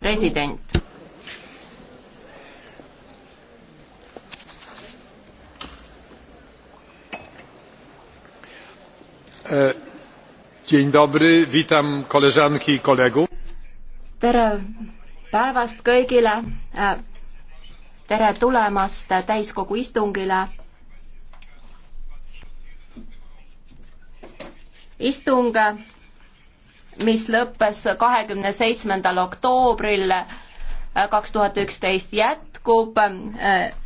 president. E, dzień dobry, witam koleżanki i kolegów. tere päevast kõigile. E, tere tulemast täiskogu istungile istung mis lõppes kahekümne seitsmendal oktoobril äh, kaks tuhat üksteist, jätkub äh,